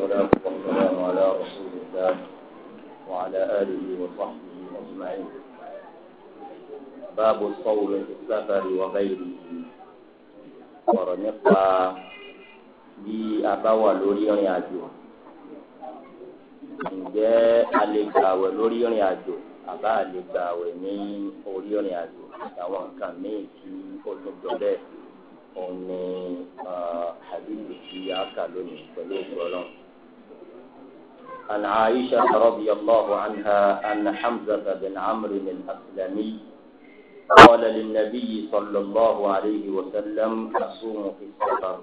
والصلاة والسلام على رسول الله وعلى آله وصحبه أجمعين باب الصوم في السفر وغيره ọ̀rọ̀ nípa bí a bá wà lórí ìrìn àjò ǹjẹ́ a lè gbàwẹ̀ lórí ìrìn àjò àbá a lè gbàwẹ̀ ní orí ìrìn àjò àwọn nǹkan míì tí ó tún jọ bẹ́ẹ̀ òun ni àdìgbò tí a kà lónìí pẹ̀lú ògbọ́lọ́mù. عن عائشة رضي الله عنها أن حمزة بن عمرو الأسلمي قال للنبي صلى الله عليه وسلم أصوم في السفر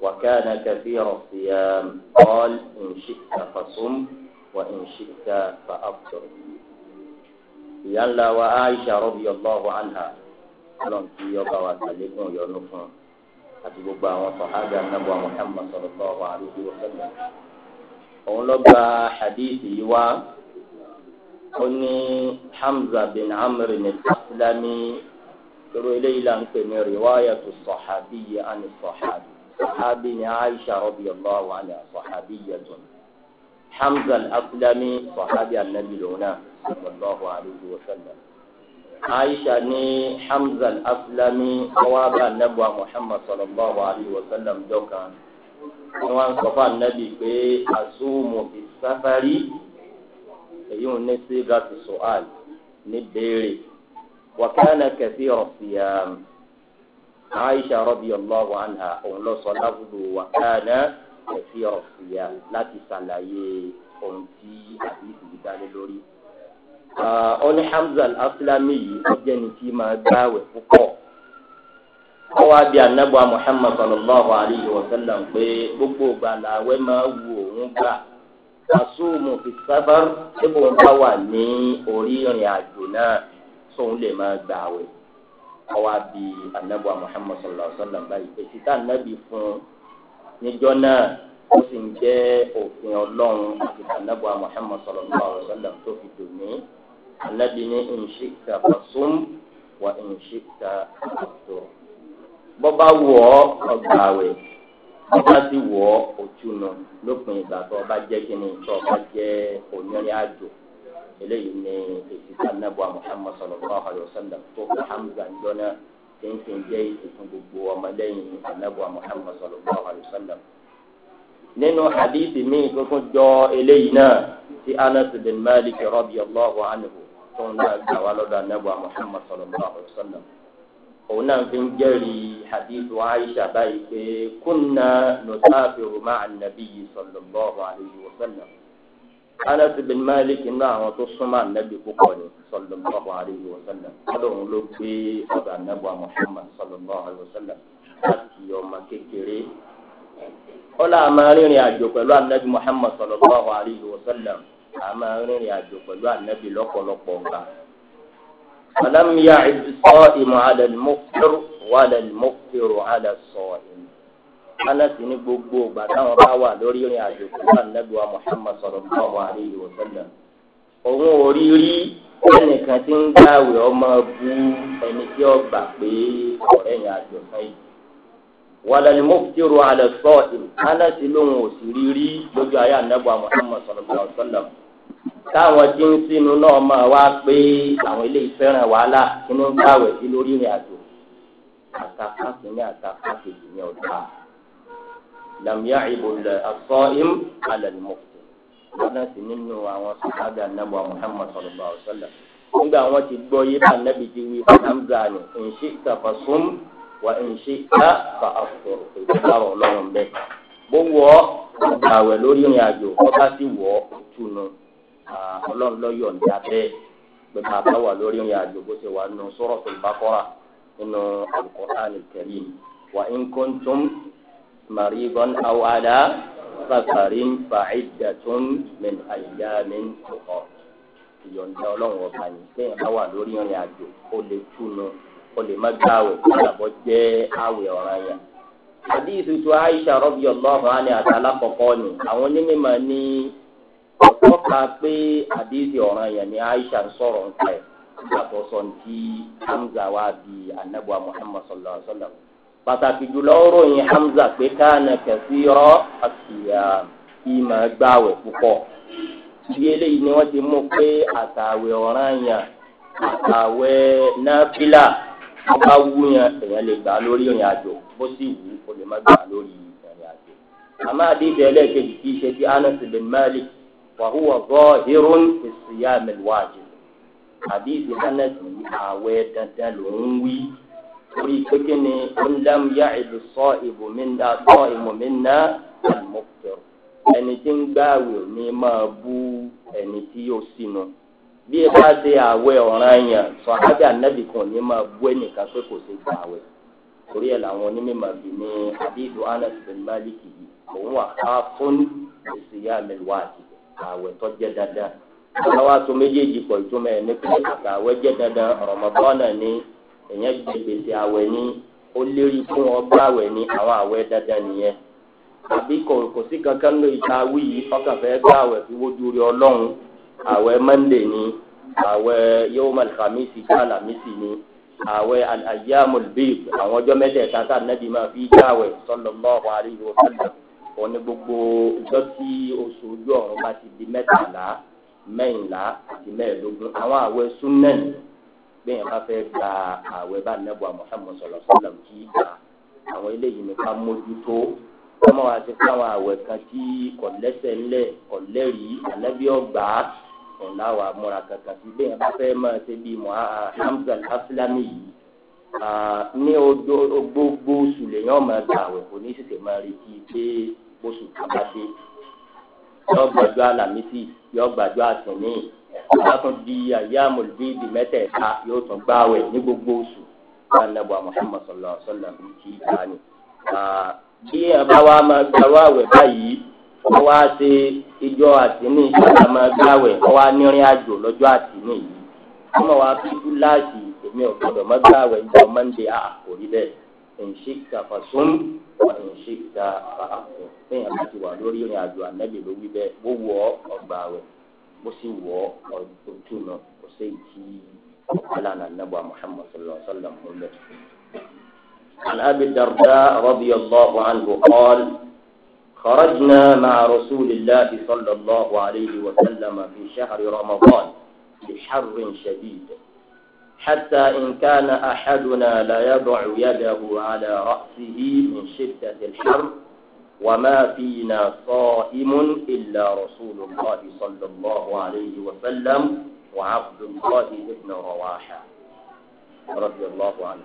وكان كثير الصيام قال إن شئت فصم وإن شئت فأفطر يلا وعائشة رضي الله عنها لن تيوبا وتلكم يونفون أتبقى وصحابة النبوة محمد صلى الله عليه وسلم òun lọ gba hadith yìí wá ó ní hamza bin amr ní islami irú eléyìí là ń pè ní riwaya tó sọ̀hábí yìí àni sọ̀hábí sọ̀hábí ni aisha rabi allah wa ni sọ̀hábí yìí tún hamza al-aslami sọ̀hábí anabi lona sallallahu alayhi wa sallam. aisha ni hamza al-aslami wọ́n wá bá anabu muhammad sallallahu alayhi wa sallam jọ ni wọ́n sọ fún anabi pé azumu bisafari èyí ń ní sí gàtú sọ́àl ní béèrè wàkàna kẹfì rọ̀fìyà aisha rọ̀bì ọlọ́wọ́ àná òun lọ sọ lábúlò wàkàna kẹfì rọ̀fìyà láti ṣàlàyé ohun tí àbíkú dálé lórí. ọ̀ní hamza aflami yìí ó jẹ́ni tí máa gbáwẹ̀ púpọ̀ ọwọ́ àbí anábọ̀ muhammad sallallahu alayhi wa sallam pé gbogbo gbàláwẹ́ máa wù òun gbà àsùnmù fi sábàr ébò ń bá wà ní orí ìrìn àjò náà sóun lè máa gbà wẹ̀ ọwọ́ àbí anábọ̀ muhammad sallallahu alayhi wa sallam báyìí pé títà nábì fún níjọ́ náà ó sì ń jẹ́ òfin ọlọ́run àti anábọ̀ muhammad sallallahu alayhi wa sallam tó fi dùn ní anábì ní ìṣìkà fasum wa ìṣìkà fasum bọ́bá wù ọ́ ọgbà rẹ̀ bọ́bá ti wù ọ́ òtúnu lópin ìgbà tó ọba jẹ́ kíni tó ọba jẹ́ onírìn àjò eléyìí ni èsì kanáàbọ̀ muhammad sallallahu alayhi wa sallam tó kọ́ hamza jọ́nà tí ń fi jẹ́ èsì fún gbogbo ọmọlẹ́yìn kanáàbọ̀ muhammad sallallahu alayhi wa sallam. nínú hadithi míì tó tún jọ eléyìí náà ti anas bin malik rabi allahu anhu tó ń gbà wá lọ́dọ̀ anábọ̀ muhammad sallallahu alayhi wa sallam òun náà fi ń jẹ́rìí hadith aisha báyìí pé kúnna nùtàfẹ́ rùmá ànàbí yìí sallallahu alayhi wa sallam anas bin malik inú àwọn tó súnmọ́ ànàbí púpọ̀ ni sallallahu alayhi wa sallam lọ́dọ̀ òun ló gbé ọ̀dọ̀ ànàbí wa muhammad sallallahu alayhi wa sallam láti ọmọ kékeré ọlá àmà rìnrìn àjò pẹ̀lú ànàbí muhammad sallallahu alayhi wa sallam àmà rìnrìn àjò pẹ̀lú ànàbí lọ́pọ̀lọpọ̀ gbà. فلم يعد الصائم على المفطر ولا المفطر على الصائم anasi ní gbogbo ìgbà táwọn bá wà lórí ìrìn àjò fún anabiwa muhammad sallallahu alayhi wa sallam òun ò rí rí ẹnìkan tí ń dáwé ọmọ bú ẹni tí ó gbà pé ọ̀rẹ́ ìrìn àjò kan yìí wàlẹ́ni mọ́kútìrò alẹ́ sọ́ọ̀tì anasi lòun ò sì rí rí lójú ayé anabiwa muhammad sallallahu alayhi wa sallam káwọn tí ń sínú náà máa wá pé àwọn eléyìí fẹ́ràn wàhálà kí ló ń gbàwẹ̀ sí lórí ìrìn àjò àtàkàkùnrin àtàkàkùnrin ní ọ̀dà làmìyá ìbòlẹ̀ àkọ́ im alẹ́lùmọ̀ lọ́nà sí nínú àwọn sàkáàgà nàbọ̀ muhammad sọlọ́bà ọ̀sọ́là nígbà wọn ti gbọ́ yé bá nàbì ti wí hamza ni nṣe ìtàfà sún wà nṣe ìtàfà àfọ̀ ìtàfà ọlọ́run bẹ́ẹ̀ bó wọ́ ọ̀gbàwẹ̀ lórí ìrìn àjò ọba ọlọ́run lọ yọ̀ǹda bẹ́ẹ̀ pé bàbá wà lórí ìrìn àjò bó ṣe wà nù Suratul Baqara nínú Al-Qur'an Al-Karim wa in kuntum maridan aw ala safarin fa'iddatun min ayyamin ukhra ìyọ̀ǹda ọlọ́run ọba yìí kéèyàn bá lórí ìrìn àjò ó lè túnu ó lè má gbá àwẹ̀ kó jẹ́ àwẹ̀ ọ̀ràn yẹn ọ̀pọ̀ka pé àdéhùn ọ̀ràn yẹn ni aisha ń sọ̀rọ̀ ń fẹ́ yàtọ̀ sọ ti hamza wa bi anabu muhammad sallallahu alaihi wa sallam pàtàkì jùlọ ròyìn hamza pé káàna kẹsí rọ àti ìmọ̀ gbàwẹ̀ púpọ̀ bí eléyìí ni wọ́n ti mú pé àtàwẹ̀ ọ̀ràn yẹn àtàwẹ̀ náfìlà ọba wú yẹn èèyàn lè gbà lórí ìrìn àjò bó sì wù ó lè má gbà lórí ìrìn àjò àmọ́ àdéhùn ẹlẹ́ẹ̀kejì kì í ṣe ti anas bin malik. وهو zahirun fi siyam al-wajib àbí ìdíhánà sí àwẹ̀ dandan ló ń wí orí pékè ni منا yá ìlú sọ ìbò mi ná sọ ìmọ̀ mi ná àlùmọ́kẹ́rù ẹni tí ń gbààwé ni máa bú ẹni tí yóò sínú bí ẹ bá ṣe àwẹ̀ ọ̀ràn yẹn sọ àbí ànábì kan ni máa bú ẹnìkan pé kò ṣe gbà àwẹ̀ torí ẹ làwọn onímọ̀ bí ní àbí ìdíhánà sí Málíkì yìí òun wà ká fún ìsìyá mẹ́lúwàá àti àwẹ̀ tó jẹ́ dandan àwa tó méjèèjì pọ̀ ìtumọ̀ ẹ̀ ní pé àtàwẹ̀ jẹ́ dandan rọ̀mọ́bọ́nà ni èèyàn gbé gbèsè àwẹ̀ ni, ó lérí fún ọgbà àwẹ̀ ní àwọn àwẹ̀ dandan nìyẹn àbí kò kò sí kankan lórí ìta wí yìí ọkàn fẹ́ gbé àwẹ̀ fi wójú rí ọlọ́run àwẹ̀ mọ́ndé ni àwẹ̀ yóò mọ̀ làmísì ká làmísì ni àwẹ̀ àyàmùlbíb àwọn ọjọ́ mẹ́tẹ̀ẹ̀ta tá a nàbí máa fi jáwẹ̀ sọ́lọ́ mọ́ ọ̀hún àríwó sọ́lọ́ òun ni gbogbo ọjọ́ tí oṣù ojú ọ̀run bá ti di mẹ́tàlá mẹ́yìnlá àti mẹ́ẹ̀ẹ́dógún àwọn àwẹ̀ súnẹ́ẹ̀nì bẹ́ẹ̀ bá fẹ́ gba àwẹ̀ bá nẹ́bù àmọ́hàmù sọ̀rọ̀ sọ̀rọ̀ kí gbà àwọn eléyìí ní ká mójútó ọmọ wa ti fún àwọn àwẹ̀ kan tí kò lẹ́sẹ̀ ńlẹ̀ kò lẹ́rì ànábì ọgbà òun láwà múra kankan sí bẹ́ẹ̀ bá fẹ́ máa ṣe bí mọ́ ah, ah, hamza asilami yìí ah, ní gbogbo oṣù lèyàn máa gbà àwẹ̀ kò ní sì bóṣù tó bá dé yọ gbàdúrà làmísì yọ gbàdúrà tòní ọba tún di ayé amòlùbíìdì mẹ́tẹ̀ẹ̀ta yóò tún gbáwẹ̀ ní gbogbo oṣù wọn nàbọ muhammad sallallahu alaihi wa sallam kì í ta ni. bí ẹ bá wá máa gbàrú àwẹ̀ báyìí wọ́n wá ṣe ìjọ àtìní ìjọba máa gbáwẹ̀ wọ́n wá nírìn àjò lọ́jọ́ àtìní yìí wọ́n wá fi túláàsì èmi ò gbọ́dọ̀ mọ́ gbáwẹ̀ ìjọ mọ́ndé àkòrí bẹ́ẹ̀ ìṣíkà fàṣún wà ìṣíkà fàákùn fẹ́yìn àti wà lórí ìrìn àjò ànábì ló wí bẹ́ẹ̀ bó wọ ọgbà rẹ̀ bó sì wọ ojú náà kò sí ìtì ọ̀kọ́lànà nàbà muhammad sallallahu alayhi wa sallam múlẹ̀. عن أبي الدرداء رضي الله عنه قال خرجنا مع رسول الله صلى الله عليه وسلم في شهر رمضان بحر شديد حتى إن كان أحدنا لا يضع يده على رأسه من شدة الحر وما فينا صائم إلا رسول الله صلى الله عليه وسلم وعبد الله بن رواحة رضي الله عنه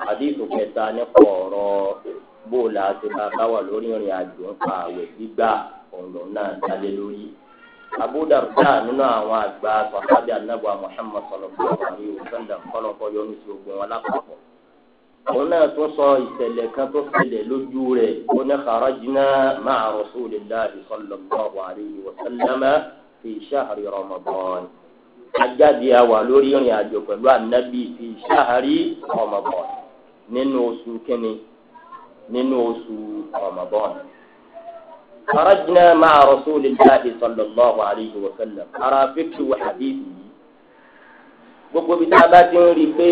حديث كتان قرار بولا سبا قوى لوري رياض وقاوة بيبا ونونا Abu Darda nínú àwọn àgbà sọ̀hábì anábọ̀ Muhammad sallallahu alaihi wasallam kọ́lọ́kọ́ yọnu sí ogun wọn lápapọ̀. òun náà tún sọ ìṣẹ̀lẹ̀ kan tó ṣẹlẹ̀ lójú rẹ̀ ó ní kharajna ma'a rasulillahi sallallahu alaihi wasallam fi shahri Ramadan. ajáde àwà lórí ìrìn àjò pẹ̀lú anábì fi shahri Ramadan nínú oṣù kínní nínú oṣù Ramadan. خرجنا مع رسول الله صلى الله عليه وسلم ara fíkì wà hadithi yìí gbogbo bí tábà ti ń rí i pé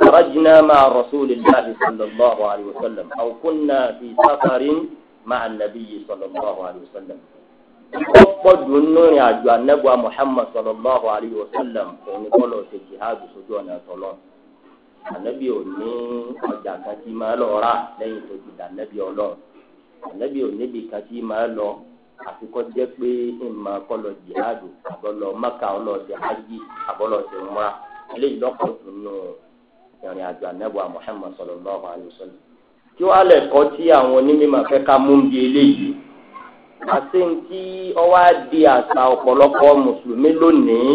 خرجنا مع رسول الله صلى الله عليه وسلم أو كنا في سفر مع النبي صلى الله عليه وسلم ọ̀pọ̀ dùnú rìn àjò anagba muhammad sallallahu alayhi wa sallam òun kọlọ ṣe jihadu sójú ọ̀nà tọlọ anabi ò ní ọjà kan tí máa lọ rà lẹ́yìn tó ti dà anabi ọlọ́run ànábì ò níbi kan tí máa lọ àfikọ́ jẹ́ pé ìmọ̀ akọ́lọ jihadu àbọ̀lọ maka ọlọ́ọ̀dẹ ají àbọ̀lọ́ọ̀dẹ mura eléyìí lọ́kọ̀ tún nù ìrìn àjò anábọ̀ muhammed sallallahu alayhi wa sallam. kí wàá lẹ̀kọ́ tí àwọn onímọ̀ fẹ́ ká mú bí eléyìí àti tí ọwọ́ á di àṣà ọ̀pọ̀lọpọ̀ mùsùlùmí lónìí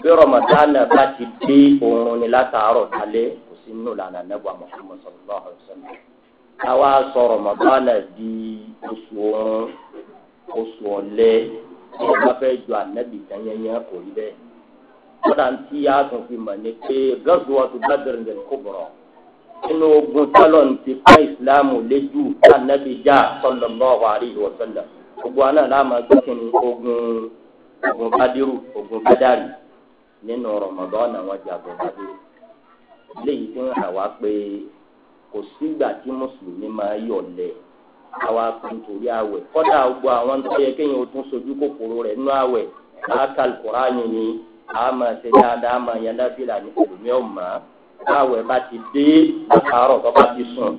bí rọmọdánà bá ti dé òun ni látàárọ̀ dalẹ̀ kò sí nù lànà anábọ̀ muhammed sallallahu alayhi wa sallam káwá sọ̀rọ̀ mọ̀tàlá di oṣù ọ̀run oṣù ọ̀lẹ́ ọba fẹ́ ju ànábì dányányá kò rí bẹ́ẹ̀. kódà ń tí a tún fi mọ̀ ní pé gazwatu Badr al-Kubra nínú ogun tálọ̀ ń ti ká ìsìláàmù léjú ànábì já sallallahu alaihi wa sallam gbogbo aná láàmú agbẹ́kìn ogun ogun badiru ogun badari nínú Ramadan àwọn jagun badiru léyìí tí ń hàn wá kò sígbà tí mùsùlùmí máa yọ̀ lẹ̀ àwa kan torí àwẹ̀ kọ́dà gbogbo àwọn tó yẹ kéèyàn ó tún sojú kòkòrò rẹ̀ nínú àwẹ̀ àáka alukurani ni àmà ṣe dáadáa àmà yẹn lábìlà ní mùsùlùmí ọ̀mà àwẹ̀ bá ti dé látàárọ̀ tó bá ti sùn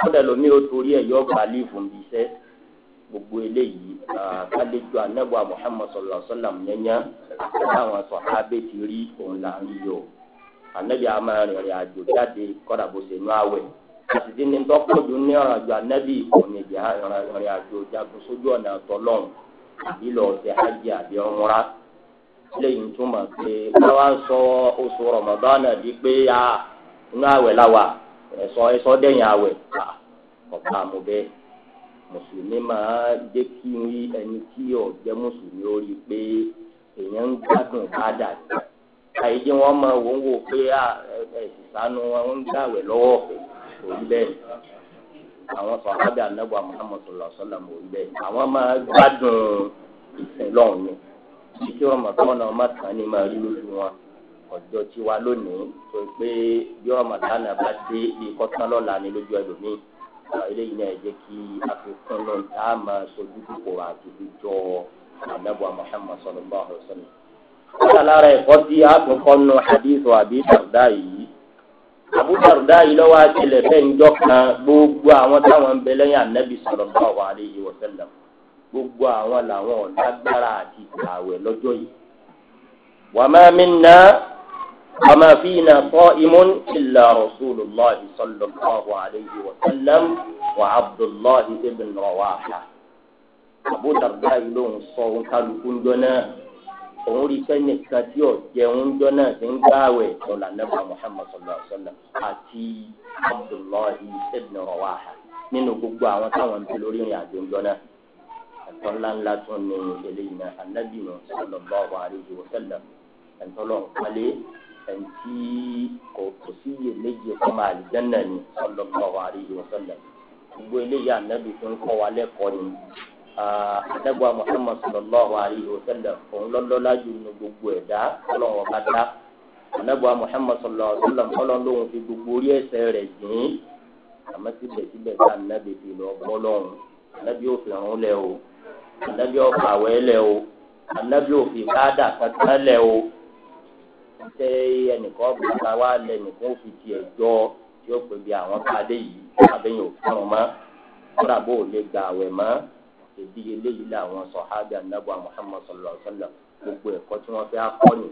kọ́dà lómi ó torí ẹ̀ yọ gbà lífù bí iṣẹ́ gbogbo eléyìí kálíjú anábọ̀ Muhammad yẹn yẹn àti àwọn sọ̀hábẹ́ ti rí òun là ń yọ. anabi ama rìnrìn àjò jáde kọ́dà bó ṣe nú àwẹ̀ àtìdí ni ní anabi òní ìjà rìnrìn jagun sójú ọ̀nà àtọ́lọ́n àbí lọ ṣe hajj àbí ọmọra lẹ́yìn túmọ̀ pé wọ́n wá ń sọ oṣù rọmọdánà di pé a inú àwẹ̀ mùsùlùmí máa kí ẹni tí àyíjẹ wọn máa wò ń wò pé ìsànù wọn ń dàwẹ̀ lọ́wọ́ òun bẹ́ẹ̀ àwọn sọ̀rọ̀dà anábọ̀ muhammadu lọ́sọ̀lá mọ̀ òun bẹ́ẹ̀ àwọn máa gbádùn ìsìn ni bí tí wọn mọ̀tọ́ náà má tán ni máa rí lójú wọn ọjọ́ tí wa lónìí tó pé bí wọn mọ̀tá náà bá dé bí kọ́tán lọ́la ni lójú ẹlòmíì eléyìí náà jẹ́ kí àfikún náà tá a máa sojú kòkòrò àti jíjọ anábọ̀ muhammadu sọ̀rọ̀ kọ́ta lára ẹ̀kọ́ tí a tún kọ́ nu hadithu àbí dàrúdà yìí àbú dàrúdà yìí lọ́wọ́ àtìlẹ̀ fẹ́ǹjọ́ kan gbogbo àwọn táwọn ń bẹ lẹ́yìn ànábì sọ̀rọ̀ bá wà léyìí wọ́sẹ̀lẹ̀ gbogbo àwọn làwọn ọ̀lágbára àti ààwẹ̀ lọ́jọ́ yìí. wàmà mí ná wàmà fi iná kọ́ imún ilà rasulillah sọ̀rọ̀ bá wà léyìí wọ́sẹ̀lẹ̀ wà abdullahi ibn rawaha àbú yìí lóhùn sọ òun rí pé nìkan tí ò jẹun jọ náà ti ń gbààwẹ̀ ọ̀là nàbà muhammad sallallahu alayhi wa sallam àti abdullahi ibn rawaha nínú gbogbo àwọn táwọn ń bẹ lórí ìrìn àjò jọ náà ẹ̀tọ́ ńláńlá tún ní eléyìí náà anabi nù sallallahu alayhi wa sallam ẹ̀tọ́ lọ kálẹ̀ ẹ̀ǹtí kò kò sí iye méje kọ́ máa náà ní sallallahu alayhi wa sallam gbogbo adagba muhammad sallallahu alayhi wa sallam òun lọlọla ju nu gbogbo ẹ̀dá ọlọ́run ọba dá adagba muhammad sallallahu alayhi wa sallam ọlọ́run lòun fi gbogbo orí ẹsẹ̀ rẹ̀ jìn àmọ́ síbẹ̀síbẹ̀ ká nàbẹ fi lọ bọlọrun anabi òfin ọrùn lẹ o anabi ọkàwé lẹ o anabi òfin káàdà kankan lẹ o ṣe ẹnìkan bàbá wa lẹ nìkan òfin tiẹ̀ jọ tí pè bí àwọn káàdé yìí abẹ́yẹn òfin ọ̀run mọ́ kọ́ra lè gbà àwẹ̀ mọ́ ìdí eléyìí làwọn sọ̀hábì anábọ̀ Muhammad sallallahu alaihi wasallam gbogbo ẹ̀kọ́ tí wọ́n fẹ́ akọ́ni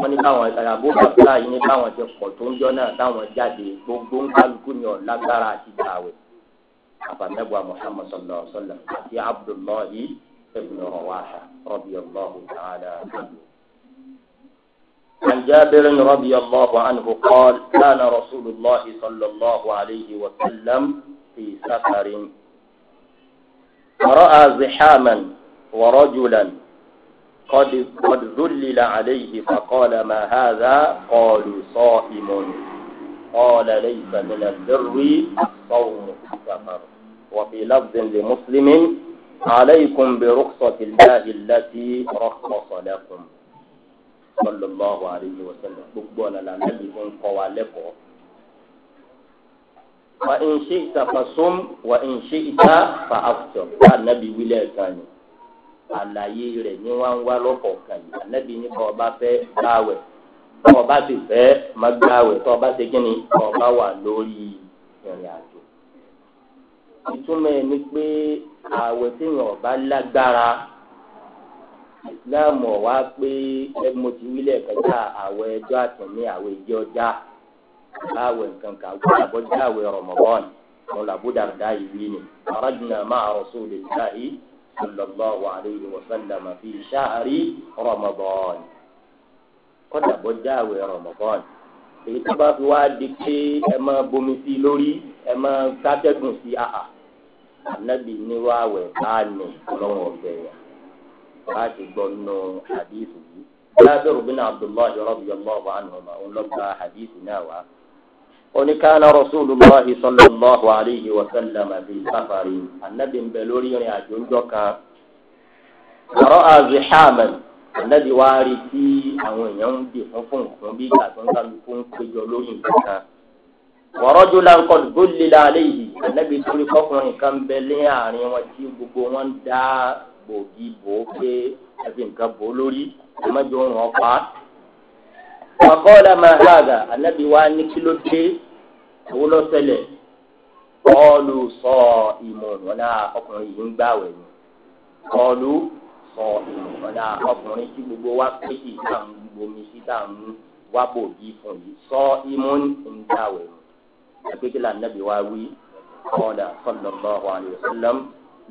wọ́n ní báwọn ìsàlàbó bàbá yìí ní báwọn ti pọ̀ tó ń jọ náà táwọn jáde gbogbo ń kálukú ni ọ̀lágbára àti gbàwẹ̀ àbànábọ̀ Muhammad sallallahu alaihi àti Abdullahi ibn Rawaha radiyallahu ta'ala عن جابر رضي الله عنه قال كان رسول الله صلى الله عليه وسلم في سفر ورأى زحاما ورجلا قد قد ذلل عليه فقال ما هذا قالوا صائم قال ليس من البر الصوم السفر وفي لفظ لمسلم عليكم برخصة الله التي رخص لكم صلى الله عليه وسلم gbogbo ọ̀nà làmẹ́lì ń kọ́ wa lẹ́kọ̀ọ́ wa in shi'ta fasum wa in ita fa aftur bá anabi wílẹ̀ kan ni àlàyé rẹ̀ ní wọ́n wá lọ́kọ̀ọ̀kan yìí anabi ní kọ́ ọba fẹ́ gbáwẹ̀ kọ́ ọba sì fẹ́ má gbáwẹ̀ kọ́ ọba ṣe kíni kọ́ ọba wà lórí ìrìn àjò. ìtumọ̀ ẹ̀ ni pé ààwẹ̀ tí yàn ọba lágbára ìsìláàmù ọ̀wá pé mo ti wílẹ̀ kẹta àwẹ̀ ẹjọ́ àtẹ̀mí àwẹ̀ ìjọ dáa àwẹ̀ kankan àgbàlagbọ́ jẹ́ àwẹ̀ Ramadan wọn làbú dàrúdà yìí wí ni arajna ma'a rasulillahi sallallahu alayhi wa sallam fi shahri Ramadan kọ́dà bọ́ jẹ́ àwẹ̀ Ramadan èyí tó bá fi wá di pé ẹ máa bomi sí lórí ẹ máa gbátẹ́gùn sí àhà anabi níwá àwẹ̀ báàní ọlọ́wọ́ ọ̀fẹ́ yẹn bá ti gbọ́ nínú hadith yìí. Jábìrì bin Abdullahi radiyallahu anhu ọ̀nà ọ̀nà ọ̀gbà hadith náà wá oníkànnà rasulillahi sallallahu alayhi wa sallam àti safari anabi ń bẹ lórí ìrìn àjò ńjọ kan ọ̀rọ̀ àzì hàmẹ́n anabi wá rí tí àwọn èèyàn ń dì fún fún nǹkan bí ìgbà tó ń kálukú ń péjọ lórí nǹkan kan wọ́rọ́ jula nkọ́ni aleyhi anabi torí kọkùnrin kan bẹ ní àárín wọn tí gbogbo wọn dá gbòógì bò ó nǹkan bò lórí ọmọdé òun ọ̀pá àkọọ́lá máa hàgà ànábì wa ní kí ló dé owó lọ́sẹ̀lẹ̀ kọ́ọ̀lù sọ ìmọ̀ràn náà ọkùnrin yìí ń gbàwẹ̀ ni kọ́ọ̀lù sọ ìmọ̀ràn náà ọkùnrin tí gbogbo wa pé kì í tà ń gbomi sí tà ń wá bò bí fún yìí sọ ìmọ̀ràn ń gbàwẹ̀ ni àgbékèlà ànábì wa wí kọ́ọ̀lá sọlọ́lọ́hu àlùsọ́lọ́m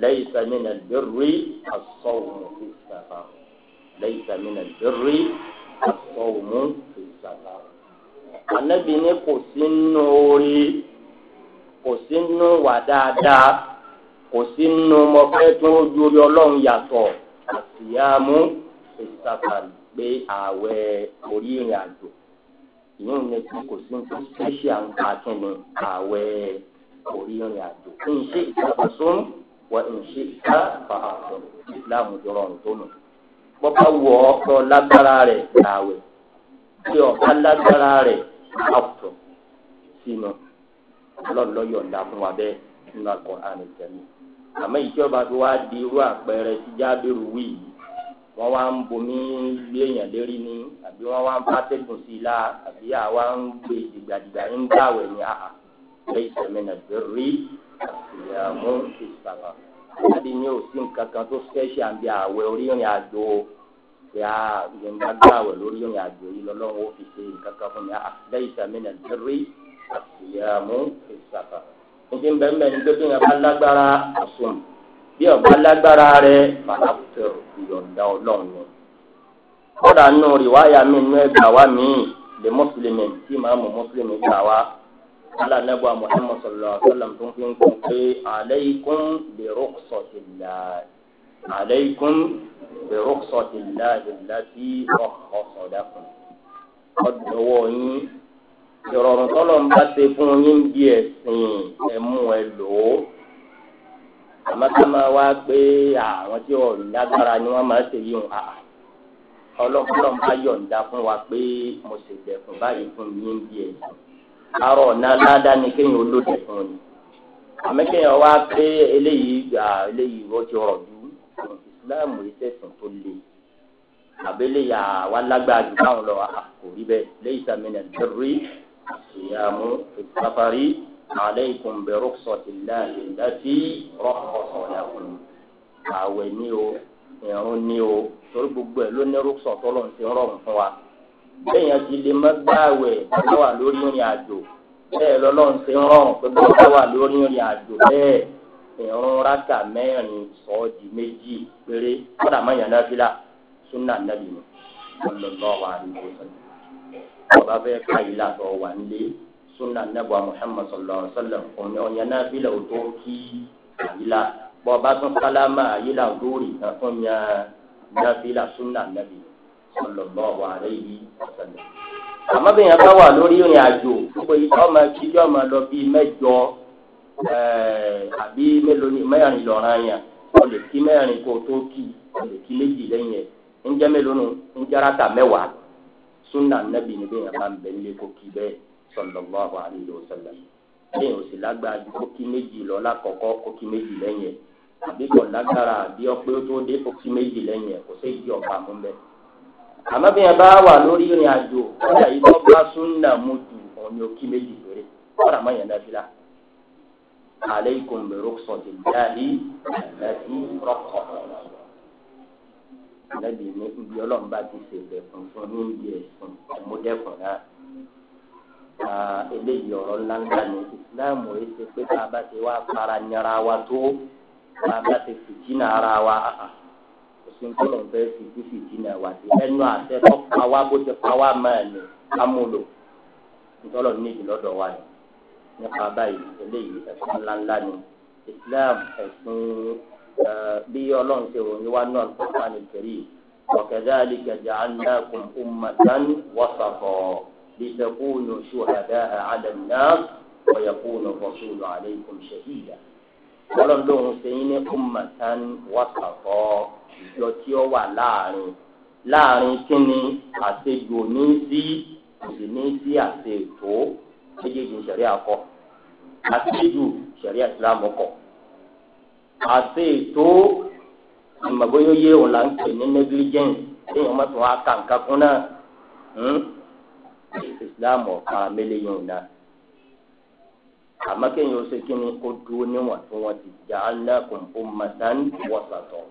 lẹ́yìn sẹ́mi nà lórí àsọ̀wọ̀n ìsàfà lẹ́yìn sẹ́mi nà lórí àtọ̀ òmù ìjàmbá. Ànábì ní kò sí nínú orí, kò sí nínú wà dáadáa, kò sí nínú mọ̀fẹ́ tó ń ju orí ọlọ́run yàtọ̀ àtìyámú ìsàkàlì pé ààwẹ̀ orí ìrìn àjò. Ìyóò ní kí kò sí nǹkan ṣíṣe àwọn akínni ààwẹ̀ orí ìrìn àjò. Kí n ìtàkùn sún, wọ́n ń ṣe ìta fàáfọ̀. Ìsìláàmù jọrọ̀ ọ̀run tó nù bọ́bá wọ̀ ọ́ tọ́ lágbára rẹ̀ làwẹ̀ tí ọ̀bá lágbára rẹ̀ àwùjọ sínú ọlọ́ọ̀lọ́yọ̀ ọ̀dà fún wa bẹ́ẹ̀ nínú àkọ́ àrùn ìtẹ̀mí. àmọ́ ìjọba tó wá di irú àpẹẹrẹ tí jábìrú wì yìí wọ́n wá ń bomi léèyàn lérí ni àbí wọ́n wá ń pátẹ́gùn sí i la àbí àwa ń gbé dìgbàdìgbà ń gbàwẹ̀ ní àhà lẹ́yìn tẹ̀mí nàìjíríà àti ìyàmú ìsàlọ̀ adi àbí ní òsì nǹkan kan tó special àbí àwẹ̀ orí ìrìn àjò pé a yẹn bá gbà àwẹ̀ lórí ìrìn àjò yìí lọ́lọ́run ó fi ṣe nǹkan kan fún mi àfẹ́ ìsàmìnà dẹ́rẹ́ àtìyàmú ìsàfà. níbi ń bẹ́ẹ̀ mẹ́rin pé kéèyàn bá lágbára àsùn bí ọ̀gá lágbára rẹ̀ fàlàkùtẹ̀ ìyọ̀ǹda ọlọ́run ni. kódà nù rìwáyà mi nù ẹgbàá wa mi lè mùsùlùmí tí màá mú mùsùlùmí gbà wá ala nebo muhammad sallallahu alaihi wa sallam tó ń fi ń kún pé aleikum bi rukhsatillah aleikum bi rukhsatillah allati rakhkhasa lakum ọdọwọ yín ìrọ̀rùn tọ́lọ̀ ń bá ṣe fún yín bí ẹ̀sìn ẹ̀mú ẹ̀ lò ó àmọ́ ká máa wá pé àwọn tí ò lágbára ni wọ́n máa ṣe yí wọn àà ọlọ́pàá ń bá yọ̀ǹda fún wa pé mo ṣèjẹ̀kùn báyìí fún yín bí ẹ̀sìn arọ ọ̀nà aládàá ni kéèyàn olóde fún un àmọ́ kéèyàn wá pé eléyìí gbà eléyìí wọ́n ti rọ̀ ju islam yìí sẹ̀sìn tó le àbẹ́lẹ́yà wà lágbára ju káwọn lọ kò rí bẹ́ẹ̀ léyìí sàmìnà dẹ́rẹ́ ìyàmú ìsàfàrí àlẹ́kùn bẹ̀rù sọ̀tìlá ìdásí rọ̀kọ̀sọ̀lẹ̀kùn àwẹ̀ ní o ìrún ní o torí gbogbo ẹ̀ ló ní rúkṣọ̀ tọ́lọ́ ti rọrùn fún wa bẹ́ẹ̀yàn ti lè mọ́ gbáwẹ̀ bá wà lórí ìrìn àjò bẹ́ẹ̀ lọ́lọ́run ti rán pé bá wà wà lórí ìrìn àjò bẹ́ẹ̀ ìrún rákà mẹ́rin sọ ọ́ di méjì péré kọ́dà má yàn náà fílà súnà nàbì ni ọlọ́lọ́wà àdìgbò sọ̀rọ̀ ọba fẹ́ ká ìlà tó wà nílé súnà nàbì muhammad sallallahu alayhi wa sallam òní ọ̀yàn náà fílà ò tó kí àyílà bọ́ ọba tún sálámà àyílà lórí ìtàn tó yàn náà fílà súnà nàbì ni sallallahu alayhi wa sallam. àmọ́ bí yẹn bá wà lórí ìrìn àjò gbogbo yìí ọmọ kíjọ ọmọ lọ bíi mẹ́jọ eh, àbí mélòó ni mẹ́rin lọ́ràn yẹn o lè kí mẹ́rin kó o tó kì o lè kí méjì lẹ́yìn ẹ̀ ń jẹ́ mélòó nù ń jẹ́ rákà mẹ́wàá sunna nabi ni bí yẹn bá ń bẹ̀ nílé kó kí bẹ́ẹ̀ sallallahu alayhi wa sallam lẹ́yìn òsì lágbára ju kókí méjì lọ lákọ̀ọ́kọ́ kókí méjì lẹ́yìn ẹ̀ àbí kò lágbára àbí ọpẹ́ tó dé kókí méjì lẹ́yìn ẹ̀ kò sí ìdí ọ̀pá àmọ́ bí yẹn bá wà lórí ìrìn àjò ọ̀dà yìí tó bá súnà mu jù òun ni òkì méjì péré ọ̀dà mọ́ yẹn dájú la. aleikum bi ruksati lahi lati rọkọ lẹbi ní ibi ọlọ́run bá ti ṣe ìbẹ̀kùn fún ní ibi ẹ̀sìn ẹ̀múdẹ́kùn náà eléyìí ọ̀rọ̀ ńlá ńlá ni ìsìláàmù rẹ̀ ṣe pé bá a bá ti wá para ní ara wa tó bá a bá ti fìjìnnà ara wa hàn òsì ń tọ́lọ̀ fẹ́ fi kúfì dínà wá sí ẹnu àṣẹ tó pa wá bó ti pa wá máa ní amúlò ntọ́lọ̀ níbi lọ́dọ̀ wa ni nípa báyìí eléyìí ẹ̀sìn ńláńlá ni Islam ẹ̀sìn bí ọlọ́run ṣe wò ní wá náà tó wá ní kiri وكذلك جعلناكم أمة وسطا لتكونوا شهداء على الناس ويكون الرسول عليكم شهيدا ọlọ́run ló ń sẹ́yìn ní ummatan wasatọ́ ìjọ tí ó wà láàrin láàrin kíni àṣejù ní sí òsì ní sí àṣe ètò méjèèjì sẹ̀rí àkọ́ àṣejù sẹ̀rí ìsìlámù kọ̀ àṣe ètò ìmọ̀bóyóyé òun là ń pè ní negligence téèyàn mọ̀tò wọn á kà nǹkan kún náà hmm? ìsìlámù ọ̀kan amẹ́lẹ́yìn náà àmọ́ kéèyàn ó ṣe kí ni kó dúró níwọ̀n tí wọ́n ti jà á lẹ́kùn ó mọ̀tán wọ́sàtọ̀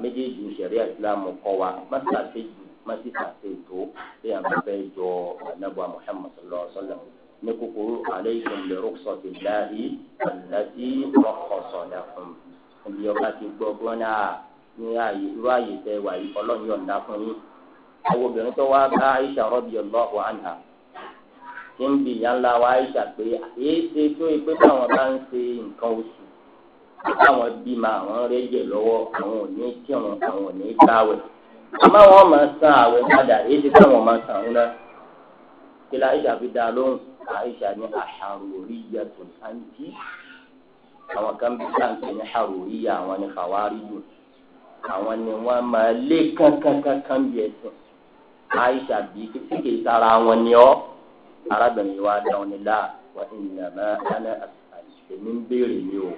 méjèèjì ìṣẹ̀rí ìsìlámù kọ́ wa mọ́sàtẹ́ jù mọ́sàtẹ́ tó bí a fẹ́ jọ ànábọ̀ muhammed sallallahu alayhi wa sallam ní kúkúrú aleykum lè rúkṣọ ti láàyè àlàtí ọkọ̀ṣọ̀ lẹ́kùn ìbí ọba ti gbọ́ gbọ́nà ní ààyè irú ààyè tẹ wà yìí ọlọ́run yọ̀ǹda fún yín àwọn obìnrin tó wá bá aisha rọ́bì ọlọ́ọ̀ tí ń bi ìyá wa Aisha pé èyí tó yẹ pé báwọn bá ń ṣe nǹkan oṣù báwọn bímọ àwọn rẹ́jẹ̀ lọ́wọ́ àwọn ò ní kírun àwọn ò ní gbáwẹ̀ àmọ́ wọn máa san àwẹ̀ padà èyí táwọn máa san òun náà kí la fi dá lóhùn Aisha ní àṣàròríyà tó ń àǹtí àwọn kan bí sáǹtì ní àṣàròríyà àwọn ní kàwáríyù àwọn ni wọn máa lé kankankankan bí ẹsẹ̀ Aisha bí kí kì wọn ni ọ́ arábìnrin wa dáhùn ní láà wà ìnàmá ẹnẹ èmi ń béèrè ni o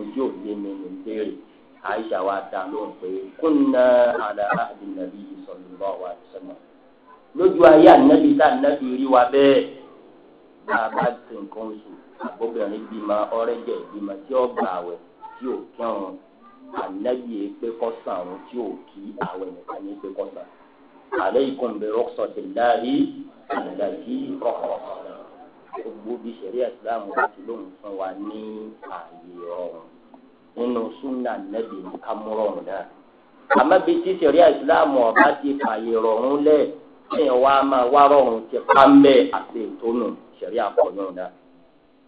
ojú òye mi ni ń béèrè àyíṣà wa dá lóhùn pé kúnná àlà àdì nàbí ìsọlùmọ wa sọmọ lójú ayé ànábi tá ànábi rí wa bẹ́ẹ̀ bá a bá ti nǹkan oṣù àbóbìnrin bímọ ọrẹ́jẹ̀ bímọ tí ó gbà wẹ̀ tí ò kẹ́hùn ànábi èpè kọ́sàn àwọn tí ò kí àwẹ̀ nìkan ní èpè kọ́sàn. àlẹ́ ìkùnbẹ̀rọ̀ sọ̀tẹ̀ láàrí àgbàjì rọ̀kọ̀rọ̀kọ̀ gbogbo bí sẹ̀ríà Islam láti lóhùn fún wa ní ààyè ọ̀run nínú súnà nẹ́bí ní kámúrọ̀rùn náà àmọ́ bí tí sẹ̀ríà ìsìláàmù ọ̀bá ti fààyè rọ̀rùn lẹ̀ ẹ̀yìn wa máa wá rọ̀rùn ti pàmbẹ́ àti ìtónù sẹ̀ríà kọ̀ọ̀nù náà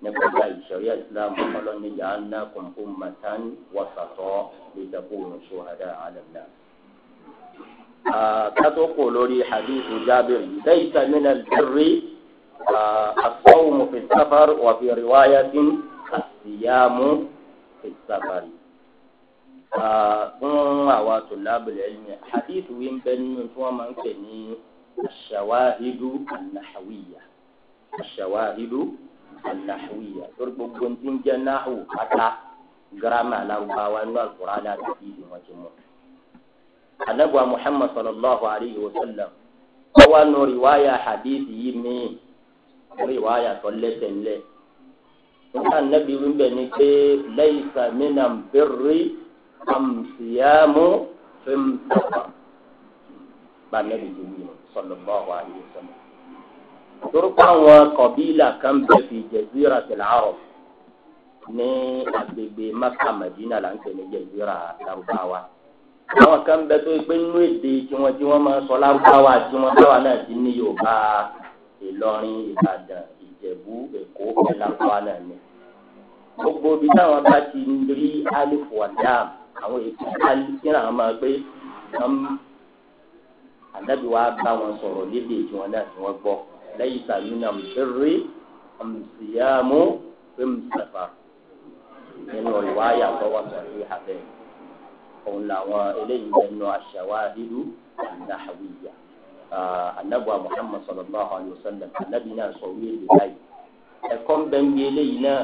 nípa báyìí sẹ̀ríà ìsìláàmù ọlọ́nìyà ńlá kùnkùn màtán wàsàtọ̀ lè dàbò òun ṣòhàdà àlẹ́ náà. kátó kò lórí hadithu jábìr lẹ́yìn sàmìnà lẹ́rìí asọ́wọ́mù fi sáfàr wà fi rìwáyà sí àsìyàmù fi sáfàr. fún àwa tó lábìlẹ̀ ẹ̀yìn hadithu yìí ń bẹ nínú tí wọ́n máa ń pè ní aṣàwáhídú ànàhàwíyà aṣàwáhídú ànàhàwíyà lórí gbogbo tí ń jẹ́ náhù pátá gírámà lárúbáwá inú àgbọ̀rá láti fi ìdí wọn ti mọ̀. anabuwa muhammad sallallahu alayhi wa sallam ọwọ́ nù riwaya hadith yìí míì riwaya tó lẹ́sẹ̀ ńlẹ̀ nígbà nàbí wíńbẹ̀ ni pé lẹ́yìnsà mìíràn bẹ̀rẹ̀ àmùsíyàmù fẹ́mùsọ̀fà bá nàbí tó wí sallallahu alayhi wa sallam. turkɔ àwọn kɔbílà kan bɛ fi jazira tilaaro ní agbègbè maka madina la ń tẹ̀lé jazira larubawa àwọn kan bẹ tó gbé nínú èdè tiwọn tí wọn máa ń sọ lárúbáwá tí wọn báwa náà ti ní yorùbá ìlọrin ìbàdàn ìjẹ̀bú èkó ẹlẹgbàá náà ni. gbogbo ibi táwọn bá ti ń rí alifu adam àwọn èkó alifu náà máa gbé wọn àdábì wa bá wọn sọ̀rọ̀ lédè tiwọn náà tí wọn gbọ́ lẹ́yìn sàlùnà mùsùlùmí àmùsùlùmí pé mùsùlùmí nínú ìwà àyàtọ̀ wọn sọ sí abẹ́rẹ́ òun làwọn eléyìí lẹ́nu àṣàwá ìlú àdáhàwíyà anabuwa muhammad sallallahu alayhi wa sallam anabi náà sọ wí èdè báyìí ẹ̀kọ́ ń bẹ ń bí eléyìí náà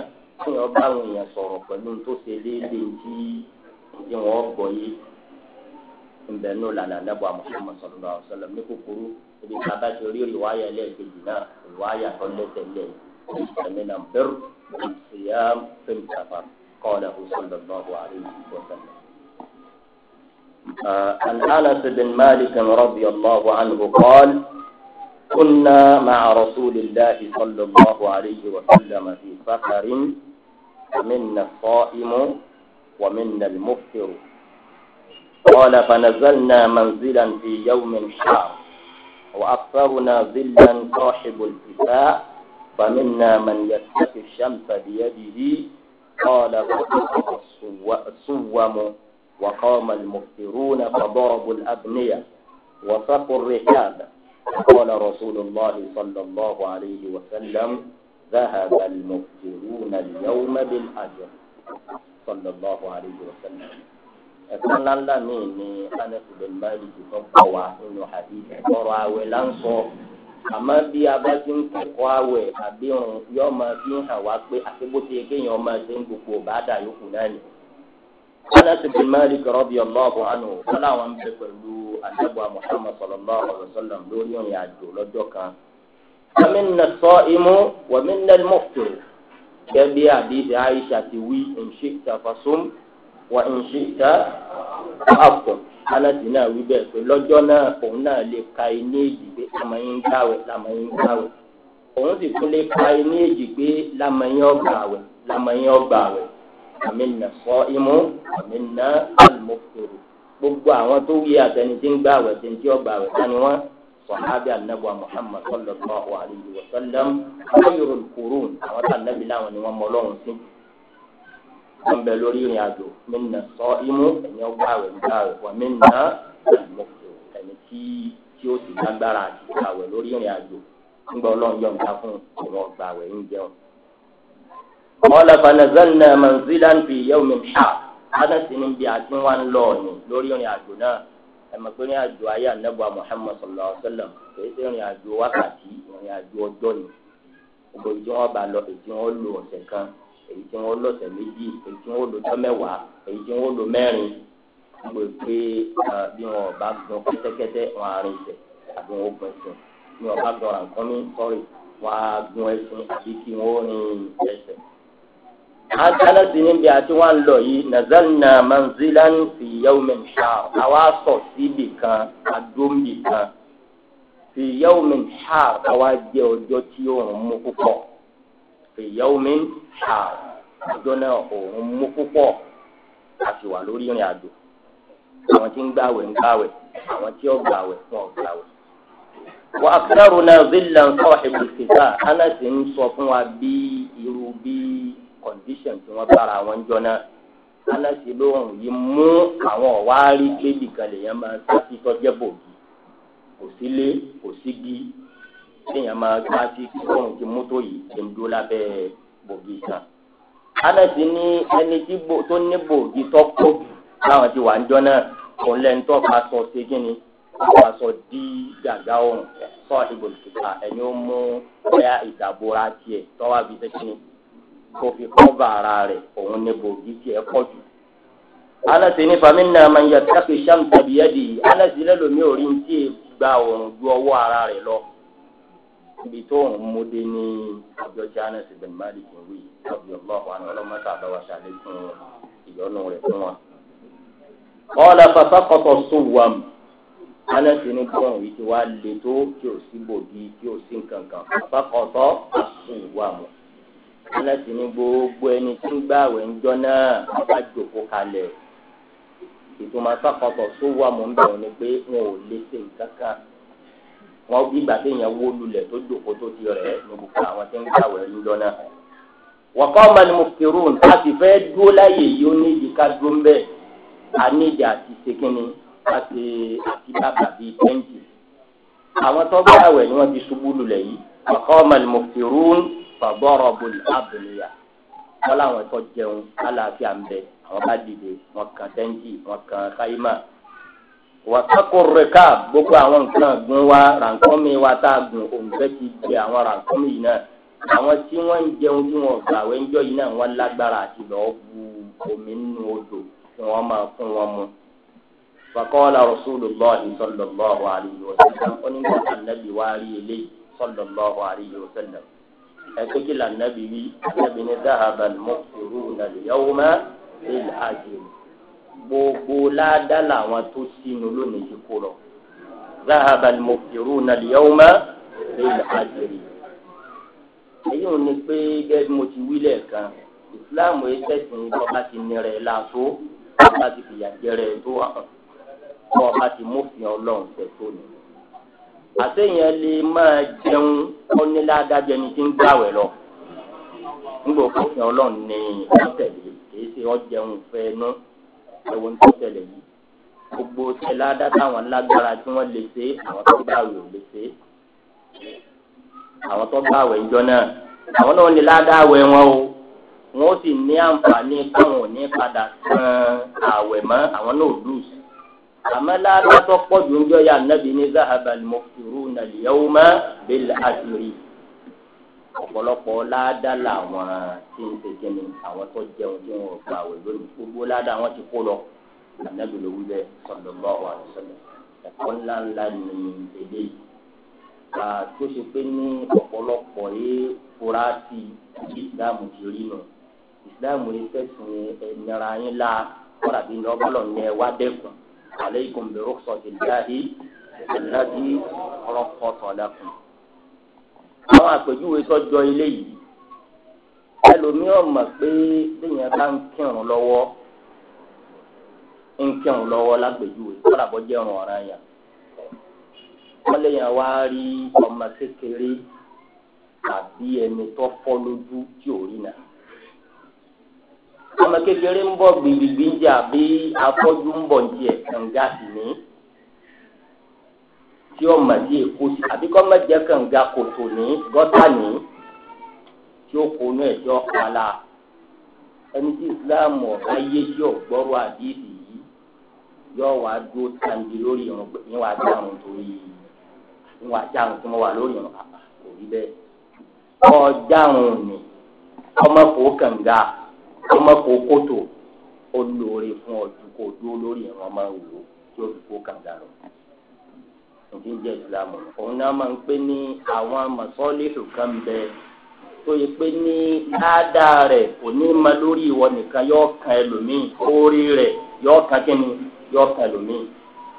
fún yọ bá àwọn èèyàn sọ̀rọ̀ pẹ̀lú tó ṣe léèlé tí tí wọ́n gbọ́ yé ń bẹ nù lànà anabuwa muhammad sallallahu alayhi wa sallam ní kúkúrú ibi tí bá ti rí ìwáyà ẹlẹ́ẹ̀kejì náà ìwáyà tó lẹ́tẹ̀lẹ́ ìsẹ̀mínà bẹ́rù fẹ́mi sàfà kọ́ ọ̀dà fún sallallahu alayhi wa sallam. آه، عن أنس بن مالك رضي الله عنه قال كنا مع رسول الله صلى الله عليه وسلم في سفر فمنا الصائم ومنا المفطر قال فنزلنا منزلا في يوم شعر وأكثرنا ظلا صاحب الكفاء فمنا من يتقي الشمس بيده قال فقط الصوم وقام المفترون فضربوا الأبنية وصفوا الرحاب قال رسول الله صلى الله عليه وسلم ذهب المفترون اليوم بالأجر صلى الله عليه وسلم ẹ̀sán ńláńlá míì ni anẹ́sì bẹ́ẹ̀ máàlì tó tọ́ pọ̀ wá nínú àdìsí ọ̀rọ̀ àwẹ̀ là ń sọ àmọ́ bí a bá ti ń kẹ́kọ̀ọ́ àwẹ̀ àbí òun yóò máa fi hàn wá pé àti bó ti yẹ kéèyàn máa ṣe ń gbogbo bàdà yòókù náà nìyí anas bin malik radiyallahu anhu wọn làwọn ń bẹ pẹ̀lú anabu muhammad sallallahu alayhi wa sallam lórí ìrìn àjò lọ́jọ́ kan. wàmínà sọ imú wàmínà mọ̀tò gẹ́gẹ́ àdìsí aisha ti wí ìṣèkìtà fasum wà ìṣèkìtà àpò anas náà wí bẹ́ẹ̀ pé lọ́jọ́ náà òun náà lè ka iné ìdìbò àmọ́yìn gbàwẹ̀ àmọ́yìn gbàwẹ̀ òun sì tún lè ka iné ìdìbò làmọ́yìn ọgbà àwẹ̀ làmọ́yìn àmìnà sọ imú àmìnà àlùmọ́fòrò gbogbo àwọn tó wí àtẹni tí ń gbà wẹ̀ tí ń tí ọgbà wẹ̀ sani wọn sọ̀hábì anábọ̀ muhammad sallallahu alayhi wa sallam ayọ̀rọ̀ kúrún àwọn tó anábì láwọn ni wọ́n mọ ọlọ́run sí wọn bẹ lórí ìrìn àjò mìnà sọ imú ẹ̀yìn ọgbà wẹ̀ gbà wẹ̀ wọ́n mìnà ẹni tí tí ó sì lágbára àti gbà wẹ̀ lórí ìrìn àjò ń kọ́lá fanazanna manzilan fi yawmin haq anasi ni bi àti wọn lọ ni lórí ìrìn àjò náà ẹ̀mọ̀ pé ìrìn àjò ayé anabu muhammad sallallahu alayhi wa sallam kì í ṣe ìrìn àjò wákàtí ìrìn àjò ọjọ́ ni gbogbo èyí tí wọ́n bá lọ èyí tí wọ́n lò ọ̀sẹ̀ kan èyí tí wọ́n lọ́sẹ̀ méjì èyí tí wọ́n lò tó mẹ́wàá èyí tí wọ́n lò mẹ́rin gbogbo pé bí wọn bá gun kẹ́tẹ́kẹ́tẹ́ wọn àárín ìṣẹ̀ àbí wọn gun ẹṣin bí wọn bá gun ràǹkọ́mí sọ́rí wọn á gun ẹṣin àbí kí wọn ó rin agbala sini bi ati wa lọ yi na manzilan fi yawmin shaar awa sọ si bi kan adon bi kan fi yawmin shaar awa jẹ ọjọ́ tí oòrùn mú púpọ̀ fi yawmin shaar ọjọ́ náà oòrùn mú púpọ̀ a sì wà lórí ìrìn àjò àwọn tí ń gbàwẹ̀ ń gbàwẹ̀ àwọn tí ó gbàwẹ̀ wọn ò gbàwẹ̀. wà á kẹ́rù náà zillan sọ̀hìn kìkìtà anasi ń sọ fún wa bí irú bíi condition tí wọ́n bára wọn jọ náà aláṣẹ lóhùn yìí mú àwọn ọ̀wárí lébì kan lèèyàn máa sá sí tọ́jẹ́ bòógì kò sílé kò sígi lèèyàn máa sá sí lóhùn tí mú tó yìí ṣe ń dúró lábẹ́ bòógì kan aláṣẹ ní ẹni tó ní bòógì tó pọ̀ jù láwọn ti wà ń jọ náà òun lẹ́nu tó pa sọ ṣe kí ni wọ́n sọ di gàgà ọ̀rùn sọ ìbòlùkìtà ẹni ó mú bóyá ìdàbòra tiẹ̀ tọ́wọ́ àbí ṣe kó fi kọ́ba ara rẹ̀ òun ní bòógì tiẹ̀ pọ̀ jù. alásè ní fami náà máa ń yà káfí sàm tàbí yẹ́dì yìí alásè lẹ́lòmí ò rí ní tí e gba òun ju ọwọ́ ara rẹ̀ lọ. ibi tó ń mú dé ní ọjọ́ tí anas ibn malik ń wí ọ̀bí ọlọ́ọ̀hún àná ọlọ́mọta àbáwá ṣàlẹ̀ fún ìyọnu rẹ̀ fún wa. ọ̀la fasakọ̀tọ̀ sùwàm alásè ní bọ́ọ̀n yìí ti wá le tó tí ò sí bòógì tí ò sí nǹkan kan fasakọ̀tọ̀ alẹ́sìn ní gbogbo ẹni tí ń gbààwẹ̀ ńjọ́ náà wọ́n bá jòkó kalẹ̀ ìtumọ̀ sọ́kọ̀tọ̀ tó wà mọ́ ń bẹ̀rù ni pé wọn ò lè ṣe kankan wọn bí ìgbà téèyàn wó lulẹ̀ tó jòkó tó ti rẹ̀ ní gbogbo àwọn tí ń gbààwẹ̀ ńjọ́ náà wọ́kọ́ mọ́ni mo kérò nípa ti fẹ́ dúró láyè yìí ó ní ìdíkà dúró ń bẹ̀ àníjà àti sekínì àti àti bàbà bíi tẹ́ǹtì àwọn tó gbààwẹ̀ ni wọ́n ti ṣubú lulẹ̀ yìí wọ́kọ́ mọ́ni mo kérò nípa fàbọ̀rọ̀ bol abùnìyà wọn làwọn tó jẹun lálàáfíà ń bẹ àwọn bá dìde wọn kàn tẹ́ńtì wọn kàn káyímà wàtàkùrẹ́ká gbogbo àwọn nǹkan gun wa rànkọ́mi wa tá a gun òǹfẹ́ ti jẹ àwọn rànkọ́mi yìí náà àwọn tí wọ́n ń jẹun tí wọ́n gbà wẹ́ ń jọ yìí náà wọ́n lágbára àti lọ́ọ́ bu omi nínú odò tí wọ́n máa fún wọn mu. fakọ́lá rasulillah sallallahu alayhi wa sallam onígbà tànàbí wa rí eléyìí sallallahu alayhi wa sallam ẹ̀kejì là nàbì wí nàbì ní dáhàbà mọ́kùrú nàlìyàwó má ilẹ̀ àjò gbogbo ládà làwọn tó sínú lónìí yìí kó lọ dáhàbà mọ́kùrú nàlìyàwó má ilẹ̀ àjò èyí ò ní pé gẹ́gẹ́ mo ti wí lẹ́ẹ̀kan ìsìláàmù yìí tẹ̀sán bọ́ba ti nírẹ̀ láàtó bọ́ba ti fìyà jẹrẹ tó ọba ti mófin ọlọ́run tẹ̀ tó àtẹ̀yìn lè máa jẹun ọ̀nìládàjọ ẹni tí ń gbàwẹ̀ lọ. nígbà òfin ọlọ́run ní ọ̀tẹ̀lẹ̀ kìí ṣe ọ̀jẹun fẹ́ nú ẹ̀wọ̀n tó tẹ̀lẹ̀ yìí. gbogbo ṣẹládá táwọn lágbára tí wọ́n lè ṣe àwọn tó gbàwẹ̀ ò lè ṣe. àwọn tó gbàwẹ̀ ìjọ náà àwọn náà lè ládàáwẹ̀ wọn o wọ́n sì ní àǹfààní káwọn ò ní àmọ́ ládàtọ̀ pọ̀jù ń jọyà nàbí ní zahabal mọ̀kúrú nàlìyàwómà bẹ́ẹ̀ àdúrí ọ̀pọ̀lọpọ̀ ládà làwọn tí ń ṣe kíni àwọn tó jẹun tí wọn ò gba àwẹ̀ lónìí gbogbo ládà wọn ti kó lọ ànábì ló wí bẹ́ẹ̀ sọ̀dọ̀gbọ́ wa sọ̀dọ̀ ẹ̀kọ́ ńláńlá ni eléyìí tó ṣe pé ní ọ̀pọ̀lọpọ̀ yìí fura sí ìsìláàmù ti nù ìsìláàmù yìí fẹ̀sùn ẹ̀nara yín la kọ́ra bí ní ní ẹ wá عليكم برخصة الله الذي رخص لكم àwọn àpèjúwe tọjọ eléyìí ẹlòmíràn mọ̀ pé téèyàn bá ń kírun lọ́wọ́ ń kírun lọ́wọ́ lápèjúwe kọ́lá bọ́ jẹ́ ọ̀ràn ara yàn wọ́n léyìn wá rí ọmọ kékeré tàbí ẹni tó fọ́ lójú tí ò rí náà ọmọ kékeré ń bọ̀ gbìngbìngbì ń jẹ àbí afọ́jú ń bọ̀ ń jẹ kànga sì ní tí ọmọ sí èkó sí àbí kọ́ mọ̀ jẹ́ kànga kòtò ní gọ́tà ní tí ó kó inú ẹ̀ tí ó pa la ẹni tí ìsìláàmù ọ̀gá yé tí ò gbọ́rọ̀ àdìsí yìí yóò wá dúró tàǹdì lórí ìrùn pé ìwà dáhùn torí ìwà dáhùn tí mo wà lórí ìrùn kò rí bẹ́ẹ̀ ọjà òun ni ọmọ kò kànga ọmọ kò kótó ó lóore fún ọdún kò dúró lórí ìran máa ń wò ó tí ó fi kó kàdà lọ òfin jẹ ìsìlámù òun náà máa ń pè ní àwọn mọ̀sọ́lẹ́sù kan bẹ tó yẹ pé ní dáadáa rẹ kò ní ma lórí ìwọ nìkan yóò kan ẹlòmíì orí rẹ yóò kan kíni yóò kan ẹlòmíì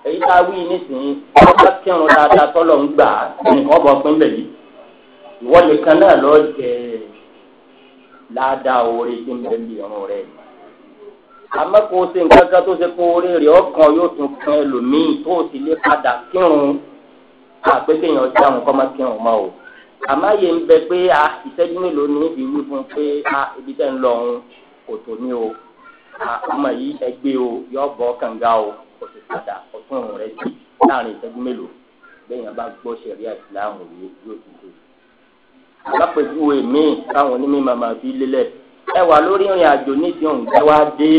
èyí tá a wí nísìnyí ọba kírun dáadáa tọ́lọ̀ ń gbà nǹkan ọ̀bọ̀ pínlẹ̀ yìí ìwọ nìkan náà lọ jẹ ẹ̀ ládàá orí tí ń bẹ ń bí ọrùn rẹ àmọ́ kò ṣe nǹkan kan tó ṣe kó orí rẹ̀ ọkàn yóò tún kan ẹlòmíì tó ti lé padà kírun àpékèyàn dáhùn kọ́ máa kírun mọ́ o àmọ́ àyè ń bẹ pé a ìṣẹ́jú mélòó ní ibi wí fún pé a ibi tẹ́ ń lọ ọ̀hún kò tó ní o ọmọ yìí ẹgbẹ́ o yọ bọ́ kànga o kò sì padà ọ̀tún rẹ̀ sí láàrin ìṣẹ́jú mélòó bẹ́ẹ̀ yẹn bá gbọ́ sẹ̀ríà ìsìláàmù yìí yóò ti dé alápèjúwe míì táwọn onímọ̀ màmá fi lélẹ̀ ẹ wà lórí ìrìn àjò ní ti òun jẹ́ wá dé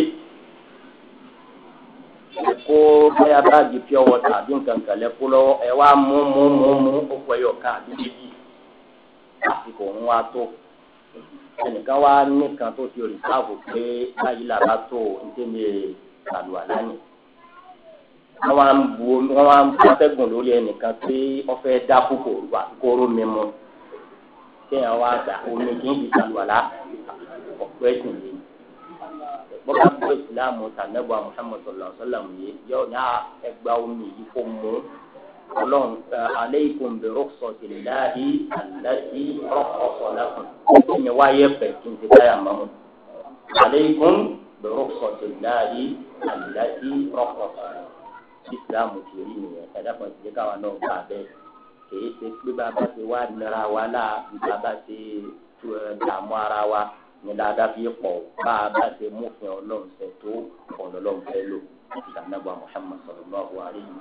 kó bẹ́ẹ̀ báàgì pure water àbí nǹkan kan lẹ́kọ́ lọ́wọ́ ẹ wá mú mú mú mú ọkọ ẹ̀yọ̀ kan àbí méjì àsìkò òun wá tó ẹnìkan wá nìkan tó ti rìn káàbò pé báyìí làbá tó ń tẹ́lẹ̀ àlùwàlá nìyí wọn wá ń bu wọn wá ń bu atẹ́gùn lórí ẹnìkan pé ọfẹ́ dá kókò wà kóró mímu kéèyàn wá gbà omi kì í di sàlùwàlá ọ̀pọ̀ ẹ̀sìn yìí bọ́lá bọ́ ìsìlámù tànẹ́bù àmọ́sánmọ́sọ lọ́sọ́làmù yìí yóò ní ẹgbà omi yìí fún mu ọlọ́run aleikum bi rọ́kṣọ̀tì láàyè àlàyé rọ́kṣọ̀tì lákùn ẹ̀mí wáyé pẹ̀ kí n ti báyà mọ́ mu aleikum bi rọ́kṣọ̀tì láàyè àlàyé rọ́kṣọ̀tì ìsìlámù kìí nìyẹn ẹ̀dá kan ti èyí ṣe pé bàbá ti wá nira wa náà bàbá ti dààmú ara wa ní dáadáa fi pọ̀ bàbá ti mú ọlọ́run fẹ́ tó ọ̀nà ọlọ́run fẹ́ lò ìdánilẹ́gbà muhammad sallallahu alayhi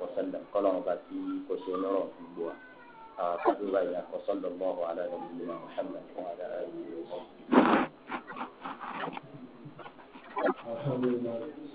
wa sallam kọ́lọ́run bá ti kó ṣe lọ́rọ̀ gbogbo wa. أعتقد بأن وصلى الله على نبينا محمد وعلى آله وصحبه.